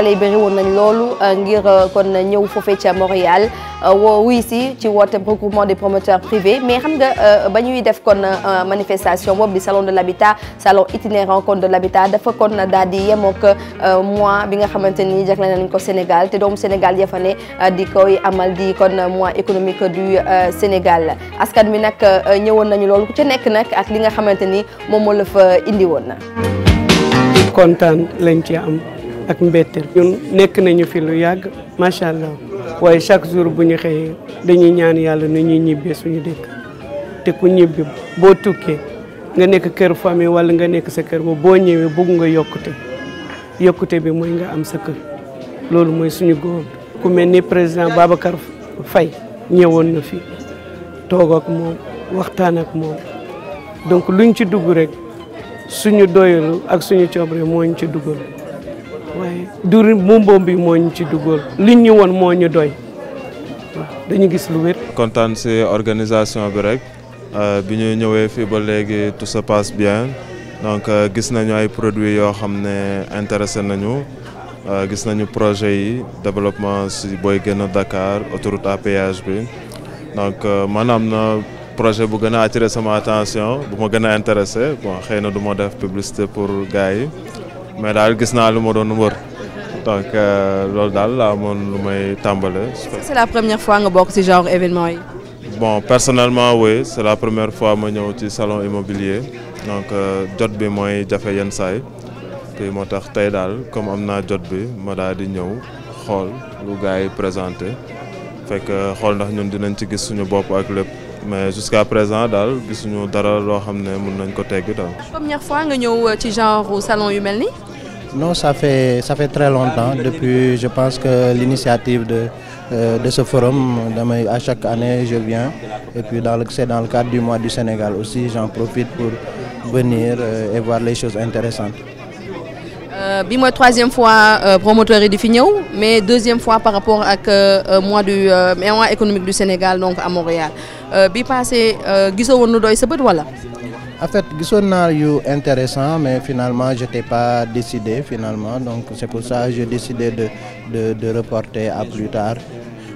sénégalais yi bëri woon nañ loolu euh, ngir euh, kon ñëw foofee ca Montréal euh, woo wuy si ci woote regroupement de promoteurs privés mais xam nga ba ñuy def kon manifestation boobu di salon de l'habitat salon itinérant kon de l'habitat dafa kon daal di yemook mois bi nga xamante ni jagleel nañ ko Sénégal te doom Sénégal ya fa ne di koy amal di kon mois économique du Sénégal askan bi nag ñëwoon nañu loolu ku ci nekk nag ak li nga xamante ni moom moo la fa indi woon ak mbetteel nekk nañu fi lu yàgg macha allah waaye chaque jour bu ñu xëyee dañuy ñaan yàlla nu ñuy ñibbee suñu dëkk te ku ñibbi boo tukkee nga nekk kër famille wala nga nekk sa kër boobu boo ñëwee bugg nga yokkute yokkute bi mooy nga am sa kër loolu mooy suñu góor ku mel ni président Babacar fay ñëwoon na fi toog ak moom waxtaan moom donc luñ ci dugg rek suñu doyalu ak suñu coobare moo ñu ci duggal waaye du mbuumboom bi moo ñu ci dugal li ñu woon moo ñu doy waaw dañu gis lu wér. kontaan si organisation bi rek euh, bi ñu ñëwee fii ba léegi tout se passe bien donc euh, gis nañu ay produits yoo xam ne intéressé nañu euh, gis nañu projet yi développement si booy gën a Dakar autoroute à bi donc maanaam na projet bu gën a attiré sama attention bu ma gën a intéressé bon xëy na du ma def publicité pour gars yi. mais daal gis naa lu ma doon wër donc euh, loolu daal laa amoon lu may tàmbale. c'est la première fois nga bokk ci genre événement yi. bon personnellement oui c'est la première fois ma ñëw ci salon immobilier donc euh, jot bi mooy jafe yenn saay te moo tax tey daal comme am naa jot bi ma daal di ñëw xool lu gars yi présenté fekk euh, xool ndax ñun dinañ ci gis suñu bopp ak lépp. mais jusqu'à présent daal gisuñu dara loo xam ne mun nañ ko tegg daal. première fois nga Non, ça fait, ça fait très longtemps, depuis, je pense que l'initiative de, euh, de ce forum, chaque année, je viens. Et puis, c'est dans le cadre du mois du Sénégal aussi, j'en profite pour venir euh, et voir les choses intéressantes. Euh, bi mooy troisième fois euh, promoteurs yi di fi ñëw mais deuxième fois par rapport ak euh, mois du mois économique du Sénégal donc à Montréal bi passé gisoo woon nu doy sa bët wala. en fait gisoon naa yu intéressant mais finalement j'étais pas décidé finalement donc c'est pour ça que j'ai décidé de de de reporter à plus tard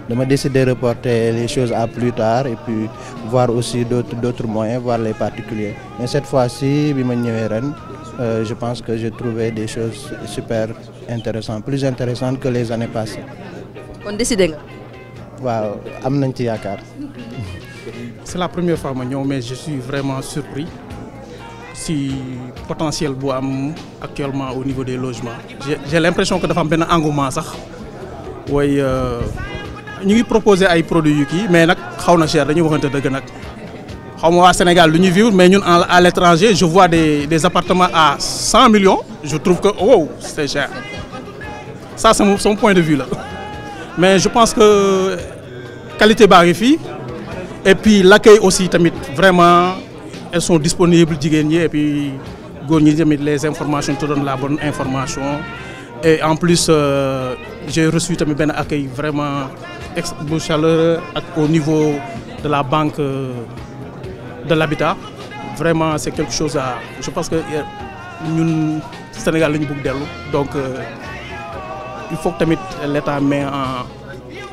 dama de reporter les choses à plus tard et puis voir aussi d'autres d'autres moyens voir les particuliers mais cette fois-ci bi ma ñëwee ren euh, je pense que j'ai trouvé des choses super intéressantes plus intéressantes que les années passées. kon décidé nga. waaw am nañ ci yaakaar. la première fois ma ñëw mais je suis vraiment surpris. si potentiel bu am actuellement au niveau des logements j'ai l'impression que dafa am benn engouement sax waaye euh, ñu ngi proposer ay produits yu kii mais nag xaw na cher dañuy waxante dëgg nag xaw ma waa Sénégal lu ñuy vivre mais ñun à l'étranger je vois des des appartements à cent millions je trouve que oh, wow c'est cher ça c'est mon point de vue là mais je pense que qualité baa ngi fi et puis l'accueil aussi tamit vraiment elles sont disponibles jigéen ñi et puis góor ñi tamit les informations te donnent la bonne information et en plus euh, j'ai tamit benn accueil vraiment ex bu chaleureux ak au niveau de la banque euh, de l'habitat vraiment c'est quelque chose à je pense que euh, ñun Sénégal la ñu dellu donc euh, il faut que tamit l'État mais en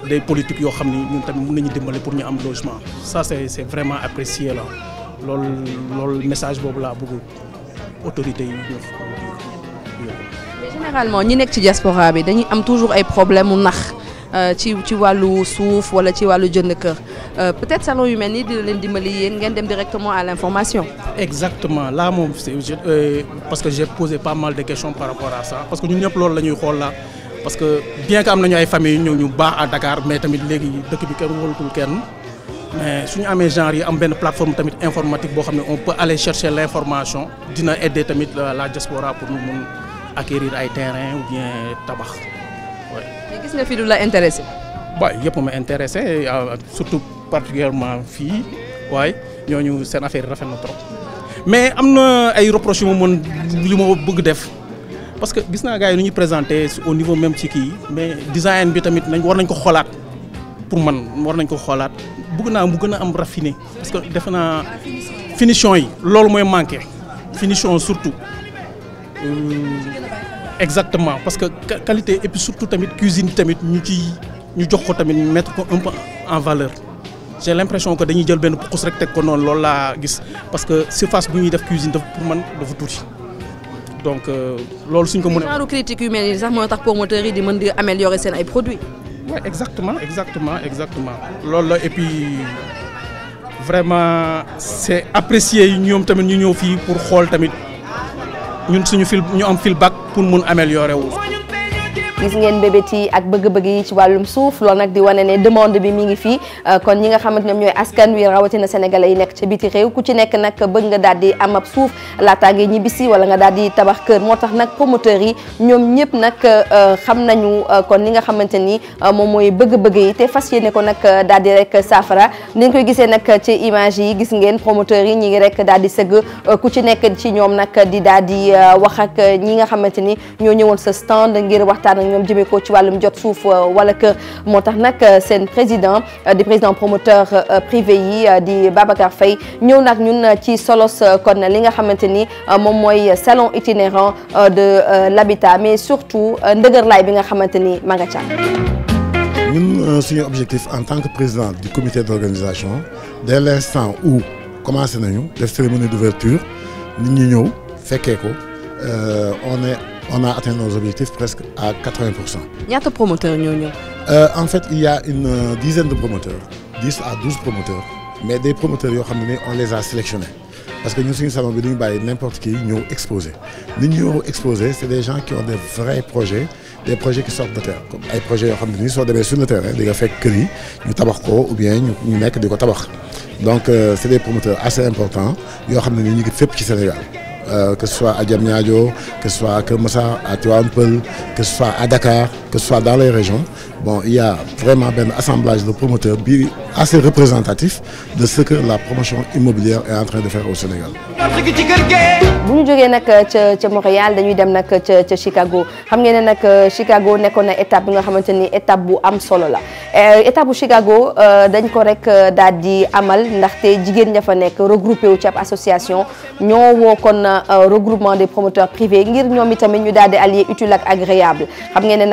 des politiques yoo xam ni ñun tamit mun nañu dimbale pour ñu am logement ça c'est c'est vraiment apprécié la loolu loolu message boobu laa bëgg autorité yi ñu généralement ñi nekk ci diaspora bi dañuy am toujours ay problème mu nax euh, ci ci wàllu suuf wala ci wàllu jënd kër euh, peut-être salon yu mel nii dina leen dimbali yéen ngeen dem directement à l'information. exactement là moom euh, parce que j'ai posé pas mal de questions par rapport à ça parce que ñun ñëpp loolu la ñuy xool la parce que bien que am nañu ay famille yu ñëw ñu baax à Dakar mais tamit léegi dëkk bi kenn wóolutul kenn. su ñu amee genre yi am benn plateforme tamit informatique boo xam ne on peut aller chercher l' information dina aider tamit la diaspora pour ñu mun acquérir ay terrain ou bien tabax oui. mais gis nga fi du la intéressé. waaw yëpp ma intéressé ah, surtout particulièrement fii waaye ñooñu seen affaire rafet na trop mais am na ay reproches yu ma mën li ma bëgg def. parce que gis naa gars yi nu ñuy présenté au niveau même ci kii mais design bi tamit nañ war nañ ko xoolaat pour man war nañ ko xoolaat bëgg naa mu gën a am raffiné parce que defe naa finition yi loolu mooy manqué finition surtout euh, exactement parce que qualité et surtout tamit cuisine tamit ñu ci ñu jox ko tamit mettre ko un peu en valeur j'ai l'impression que dañuy jël benn pukus rek teg ko noonu loolu laa gis parce que surface bu ñuy def cuisine dafa pour man dafa tuuti donc euh, loolu suñ ko mu a. genre sax moo tax promoteurs yi di mën di améliorer seen ay produits. oui exactement exactement exactement loolu la et puis vraiment c'est apprécié yi ñoom tamit ñu ñëw fii pour xool tamit ñun suñu fil ñu am feedback pour mun améliorer wu. gis ngeen mbébét ak bëgg-bëgg yi ci wàllum suuf loolu nag di wane ne demande bi mi ngi fii euh, kon ñi nga xamante ñoom ñooy askan wi rawatina sénégalais yi nekk ca biti réew ku ci nekk nag bëgg nga daal di am ab suuf laataa ngay ñibbisi wala nga daal di tabax kër moo tax nag promoteurs yi ñoom ñëpp nag euh, xam nañu euh, kon li nga xamante ni moom mooy bëgg-bëgg yi te fas yéene ko nag daal di rek saafara ni nga koy gisee nag ci image yi gis ngeen promoteurs yi ñi ngi rek daal di sëgg ku ci nekk ci ñoom nag di daal di wax ak ñi nga xamante ni ñoo ñëwoon sa stand ngir waxtaan ñoom jëmee ko ci wàllum jot suuf euh, wala kër moo tax nag euh, seen président euh, di président promoteur privé yi di Babacar Faye ñëw nag ñun ci solos kon li nga xamante ni moom mooy salon itinérant de l'habitat mais surtout ndëgërlaay bi nga xamante ni ma nga ca ñun suñu objectif en tant que président du comité d'organisation dès l'instant où commencé nañu def cérémonie d'ouverture nit ñi ñëw fekkee ko on est on a atteint nos objectifs presque à 80 pour promoteurs ñoo ñëw. Euh, en fait il y a une euh, dizaine de promoteurs à promoteurs mais des promoteurs yoo xam ne on les a sélectionnés parce que ñun suñu salon bi duñu bàyyi n'importe qui ñëw exposé nit ñu ñëw exposé c'est des gens qui ont des vrais projets des projets qui sortent de terre comme projets yoo xam ne nii soo demee sur le terrain di nga fekk kër yi ñu ko ou bien ñu nekk di ko tabax donc euh, c'est des promoteurs assez importants yoo xam ne nii ñu ngi fépp ci Sénégal. Euh, que ce soit à Diamniadio que ce soit à Keur Massar à Tivaouane Peulh que ce soit à Dakar que ce soit dans les régions bon il y vraiment benn assemblage de promoteurs bi assez représentatif de ce que la promotion immobilière est en train de faire au Sénégal. bu ñu jógee nag ca ca Montréal dañuy dem nag ca ca Chicago xam ngeen ne nag euh, Chicago nekkoon na étape bi nga xamante ni étape bu am solo la euh, étape bu Chicago euh, dañ ko rek daal di amal ndaxte jigéen ña fa nekk regroupé wu ci ab association ñoo woo kon regroupement des promoteurs privés ngir ñoom tamit ñu daal di allier utile ak agréable xam ngeen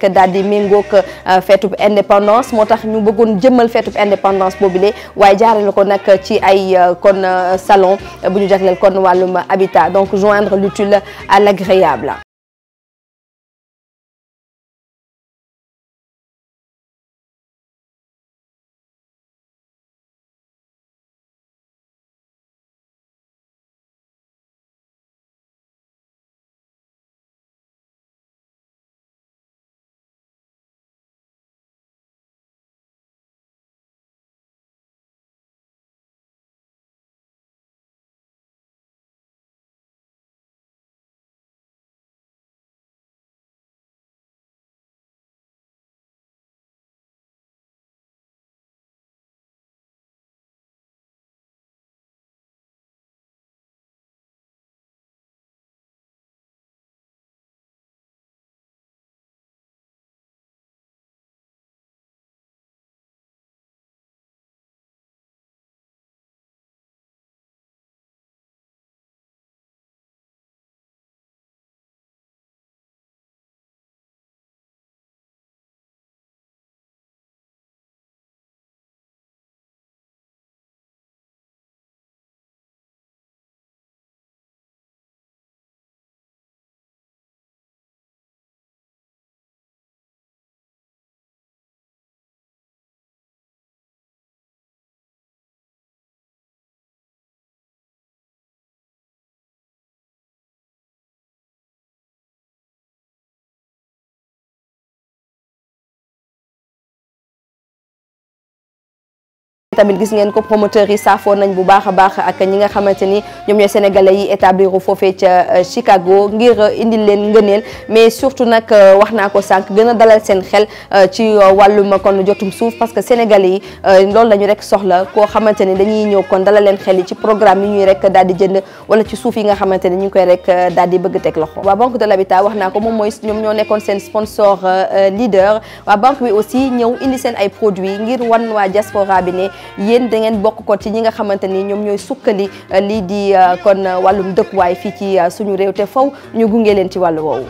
rek daal di méngoog euh, feetub indépendance moo tax ñu bëggoon jëmmal feetub indépendance boobule waaye jaarale ko nag ci ay euh, kon euh, salon bu ñu jagleel kon wàllum habitat donc joindre l'utile à l'agréable tamit gis ngeen ko promoteurs yi saafoo nañ bu baax a baax ak ñi nga xamante ni ñoom ñooy sénégalais yi établir foofee ca euh, Chicago ngir euh, indil leen ngëneel mais surtout nag euh, wax naa ko a dalal seen xel ci wàllum kon jotum suuf parce programme yi ñuy rek daal jënd wala ci suuf yi nga xamante ñu koy rek daal bëgg teg loxo waa banque de l'habitat wax naa ko moom mooy ñoom ñoo nekkoon seen sponsor leader waa banque bi aussi ñëw indi seen ay produits ngir wan waa diaspora yéen dangeen bokk ko ci ñi nga xamante ni ñoom ñooy sukkali euh, lii di euh, kon euh, wàllum dëkkuwaay fii ci suñu réew te faw ñu gunge leen ci wàllu woowu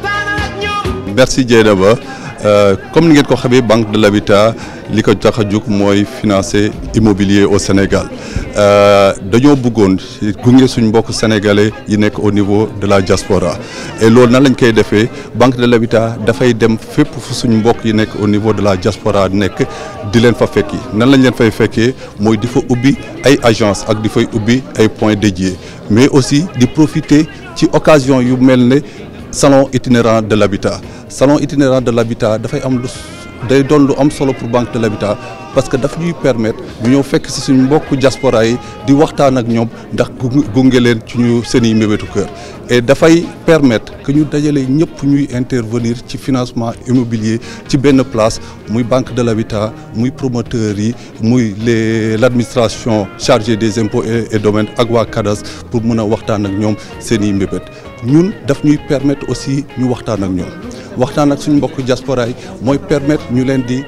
merci Dieynaba Euh, comme ni ngeen ko xamee banque de l'habitat li ko tax a jóg mooy financer immobilier au Sénégal euh, dañoo bëggoon gunge suñ mbokk sénégalais yi nekk au niveau de la jaspora et loolu nan lañ koy defee banque de l'habitat dafay dem fépp fu suñ mbokk yi nekk au niveau de la diaspora nekk di leen fa fekki nan lañ leen fay fekkee mooy di fa ubbi ay agence ak di fay ubbi ay point de dédiés mais aussi di profiter ci occasion yu mel ne salon itinérant de l'habitat salon itinérant de l'habitat dafay am lu day doon lu am solo pour banque de l'habitat parce que dafa ñuy permettre ñu ñëw fekk si suñu mbokku diaspora yi di waxtaan ak ñoom ndax gunge leen ci ñu seen i mébétu kër et dafay permettre que ñu dajalee ñëpp ñuy intervenir ci financement immobilier ci benn place muy banque de l'habitat muy promoteur yi muy les l'administration chargée des impôts et domaines ak waa CADAS pour mun a waxtaan ak ñoom seen i mébét ñun daf ñuy permettre aussi ñu waxtaan ak ñoom waxtaan ak suñu mbokk diaspora mooy permettre ñu leen di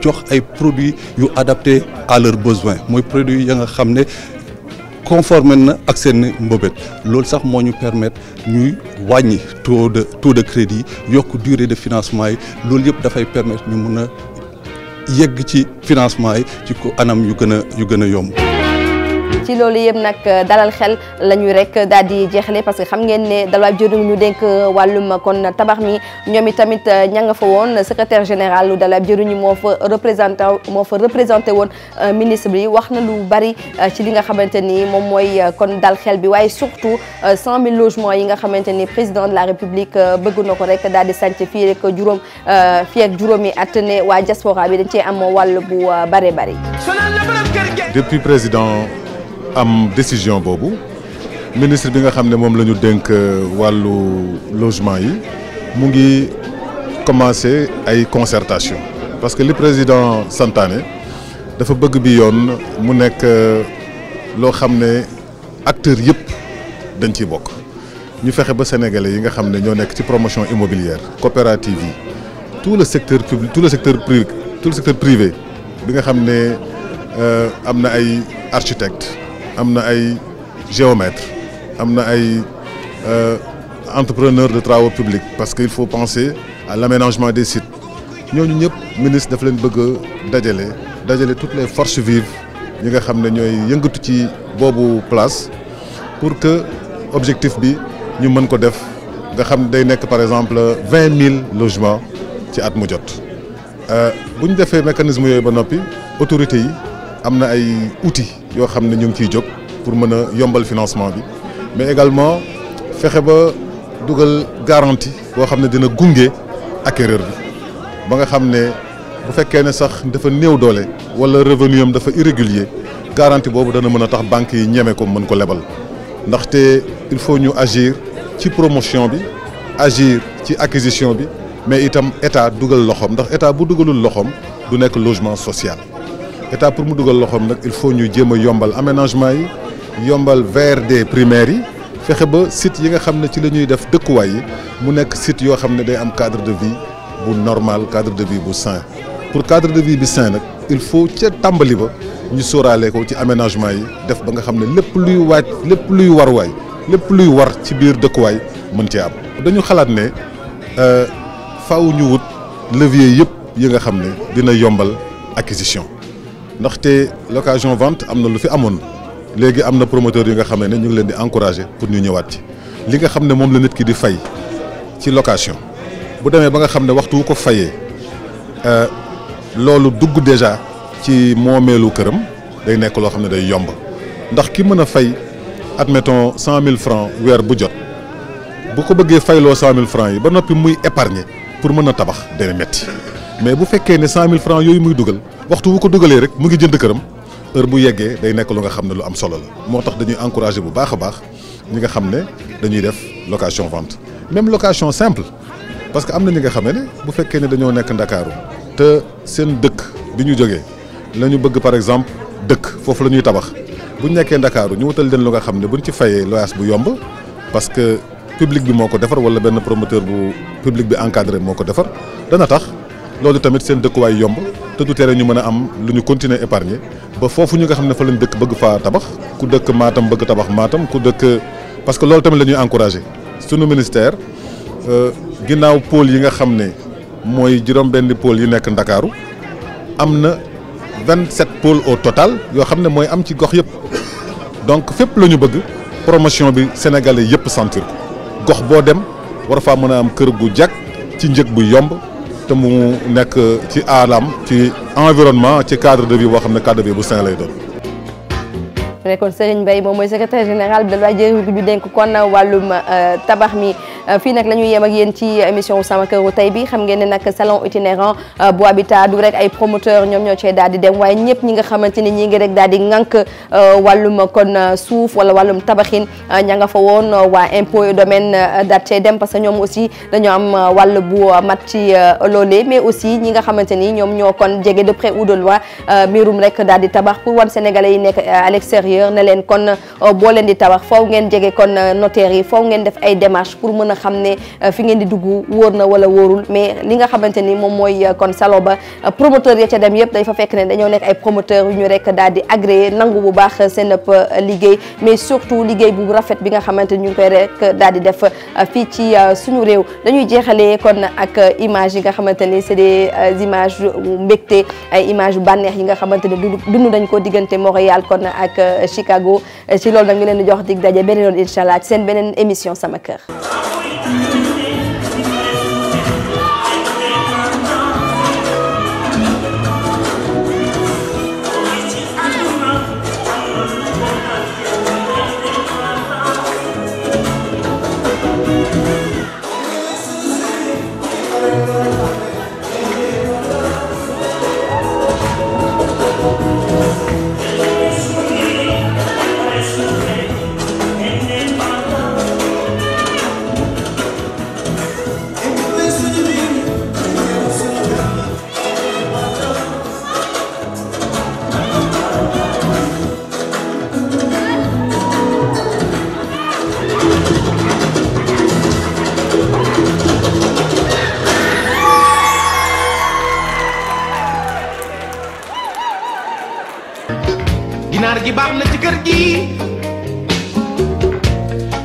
jox ay produits yu adapté à leurs besoins mooy produits ya nga xam ne conforme na ak seen mbëbët loolu sax moo ñu permettre ñuy wàññi taux de taux de crédit yokk dure de financement yi loolu yëpp dafay permettre ñu mun a yegg ci financement yi ci ko anam yu gën a yu gën a yomb. ci loolu yëpp nag euh, dalal xel la ñuy rek daal di jeexale parce que xam ngeen ne dalal jëriñ ñu dénk wàllum kon tabax mi ñoom i tamit euh, ña nga fa woon secretaire général lu dalal jëriñu moo fa représenté moo fa représenté woon euh, ministre bi wax na lu bari ci li nga xamante ni moom mooy kon dal xel bi waaye surtout cent mille logements yi nga xamante ni président de la république bëgg na ko rek daal di sanc fii rek juróom fii ak juróomi at waa diaspora bi dañ cee am wàll bu bare bari am décision boobu ministre bi nga xam ne moom la ñu dénk euh, wàllu logement yi mu ngi commencé ay concertation parce que li président santaane dafa bëgg bi yoon mu nekk euh, loo xam ne acteurs yëpp dañ ci bokk ñu fexe ba sénégalais yi nga xam ne ñoo nekk ci promotion immobilière coopérative yi tout le secteur public tout le secteur privé tout le secteur privé bi nga xam ne euh, am na ay architecte am na ay géomètre am na ay euh, entrepreneur de travaux publics parce que il faut penser à l'aménagement des sites ñooñu ñëpp ministre dafa leen bëgg dajale dajale toutes les forces vives ñi nga xam ne ñooy yëngatu ci boobu place pour que objectif bi ñu mën ko def nga xam day nekk par exemple vingt mille logements ci at mu jot euh, bu ñu defee mécanisme yooyu ba noppi autorités yi am na ay outils yoo xam ne ñu ngi ciy jóg pour mën a yombal financement bi mais également fexe ba dugal garanti boo xam ne dina gunge acquéreur bi ba nga xam ne bu fekkee ne sax dafa néew doole wala revenu am dafa irrégulier garantie boobu dana mën a tax banque yi ñeme ko mën ko lebal ndaxte il faut ñu agir ci promotion bi agir ci acquisition bi mais itam état dugal loxoom ndax état bu dugalul loxoom du nekk logement social état pour mu dugal loxoom nag il faut ñu jéem a yombal aménagement yi yombal VRD primaire yi fexe ba site yi nga xam ne ci lañuy def dëkkuwaay yi mu nekk site yoo xam ne day am cadre de vie bu normal cadre de vie bu sain pour cadre de vie bi sain nag il faut ca tàmbali ba ñu sóoraale ko ci aménagement yi def ba nga xam ne lépp luy waaj lépp luy war waay lépp luy war ci biir dëkkuwaay mën cee am. dañu xalaat ne euh, faaw ñu wut levier yëpp yi nga xam ne dina yombal acquisition. ndaxte location vente am na lu fi amoon léegi am na promoteur yi nga xam ne ñu ngi leen di encourager pour ñu ñëwaat ci li nga xam ne moom la nit ki di fay ci location bu demee ba nga xam ne waxtu wu ko fayee euh, loolu dugg déjà ci moomeelu këram day nekk loo xam ne day yomb ndax ki mën a fay admettons cent mille francs weer bu jot bu ko bëggee fayloo cent mille francs yi ba noppi muy épargner pour mën a tabax day metti mais bu fekkee ne cent mille francs yooyu muy dugal waxtu bu ko dugalee rek mu ngi jënd këram heure bu yeggee day nekk lu nga xam ne lu am solo la moo tax dañuy encourager bu baax a baax ñi nga xam ne dañuy def location vente même location simple parce que am na ñi nga xam ne bu fekkee ne dañoo nekk ndakaaru te seen dëkk bi ñu jógee la ñu bëgg par exemple dëkk foofu la ñuy tabax bu ñu nekkee ndakaaru ñu wutal leen lu nga xam ne bu ñu ci fayee loyaas bu yomb parce que public bi moo ko defar wala benn promoteur bu public bi encadré moo ko defar dana tax. loolu tamit seen dëkkuwaay yomb te tere ñu mën a am lu ñu continuer épargner ba foofu ñu nga xam ne fa lañ dëkk bëgg faa tabax ku dëkk maatam bëgg tabax maatam ku dëkk parce que loolu tamit la ñuy encouragé sunu ministère euh, ginnaaw pôle yi nga xam ne mooy juróom-benn pôle yi nekk Ndakaaru am na vingt 27 pôle au totale yoo xam ne mooy am ci gox yëpp donc fépp la ñu bëgg promotion bi sénégalais yëpp sentir ko gox boo dem war faa mën a am kër gu jag ci njëg bu yomb. te mu nekk ci alam ci environnement ci cadre de vie boo xam ne cadre de vie bu sain lay doon. mu nekkoon Serigne Mbaye moom mooy secrétaire général de l'ONG ñu dénk kon wàllum euh, tabax mi. Euh, fii nag la ñuy yem ak yéen ci émission wu sama këru tey bi xam ngeen ne nag salon itinérant euh, bu habitat du rek ay promoteur ñoom ñoo cee daal di dem waaye ñëpp ñi nga xamante ni ñi ngi rek daal di ŋànk euh, wàllum kon suuf wala wàllum tabaxin ña nga fa woon waa impôt domaine daal cee dem parce que ñoom aussi dañoo am wàll bu mat ci loolee mais aussi ñi nga xamante ni ñoom ñoo kon jege de près ou de loin miirum rek daal di tabax pour wan sénégalais yi nekk à l'extérieur ne leen kon boo leen di tabax foofu ngeen jege kon notaire yi foofu ngeen def ay démarches pour a xam ne euh, fi ngeen di dugg wóor na wala wóorul mais li nga xamante ni moom mooy euh, kon salon ba euh, promoteur ya ca dem yëpp day fa fekk ne dañoo nekk ay promoteur yu ñu rek daal di agréé nangu bu baax seen liggéey mais surtout liggéey bu rafet bi nga xamante ni ñu koy rek daal di def fii ci suñu réew dañuy jeexalee kon ak image yi nga xamante ni c'est des images mbégte ay image bànneex yi nga xamante ne dund dañ ko diggante Montréal kon ak Chicago ci loolu nag ñu leen di jox dig daje beneen yoon incha allah seen beneen émission sama kër Thank you. gi baax na ci kër gi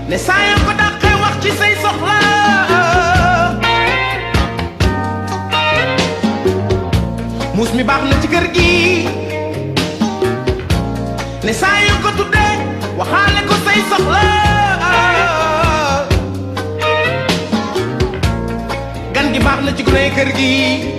ne saa ko dàqee wax ci say soxla muus mi baax na ci kër gi ne saa ko tuddee waxaale ko say soxla gan gi baax na ci kër gi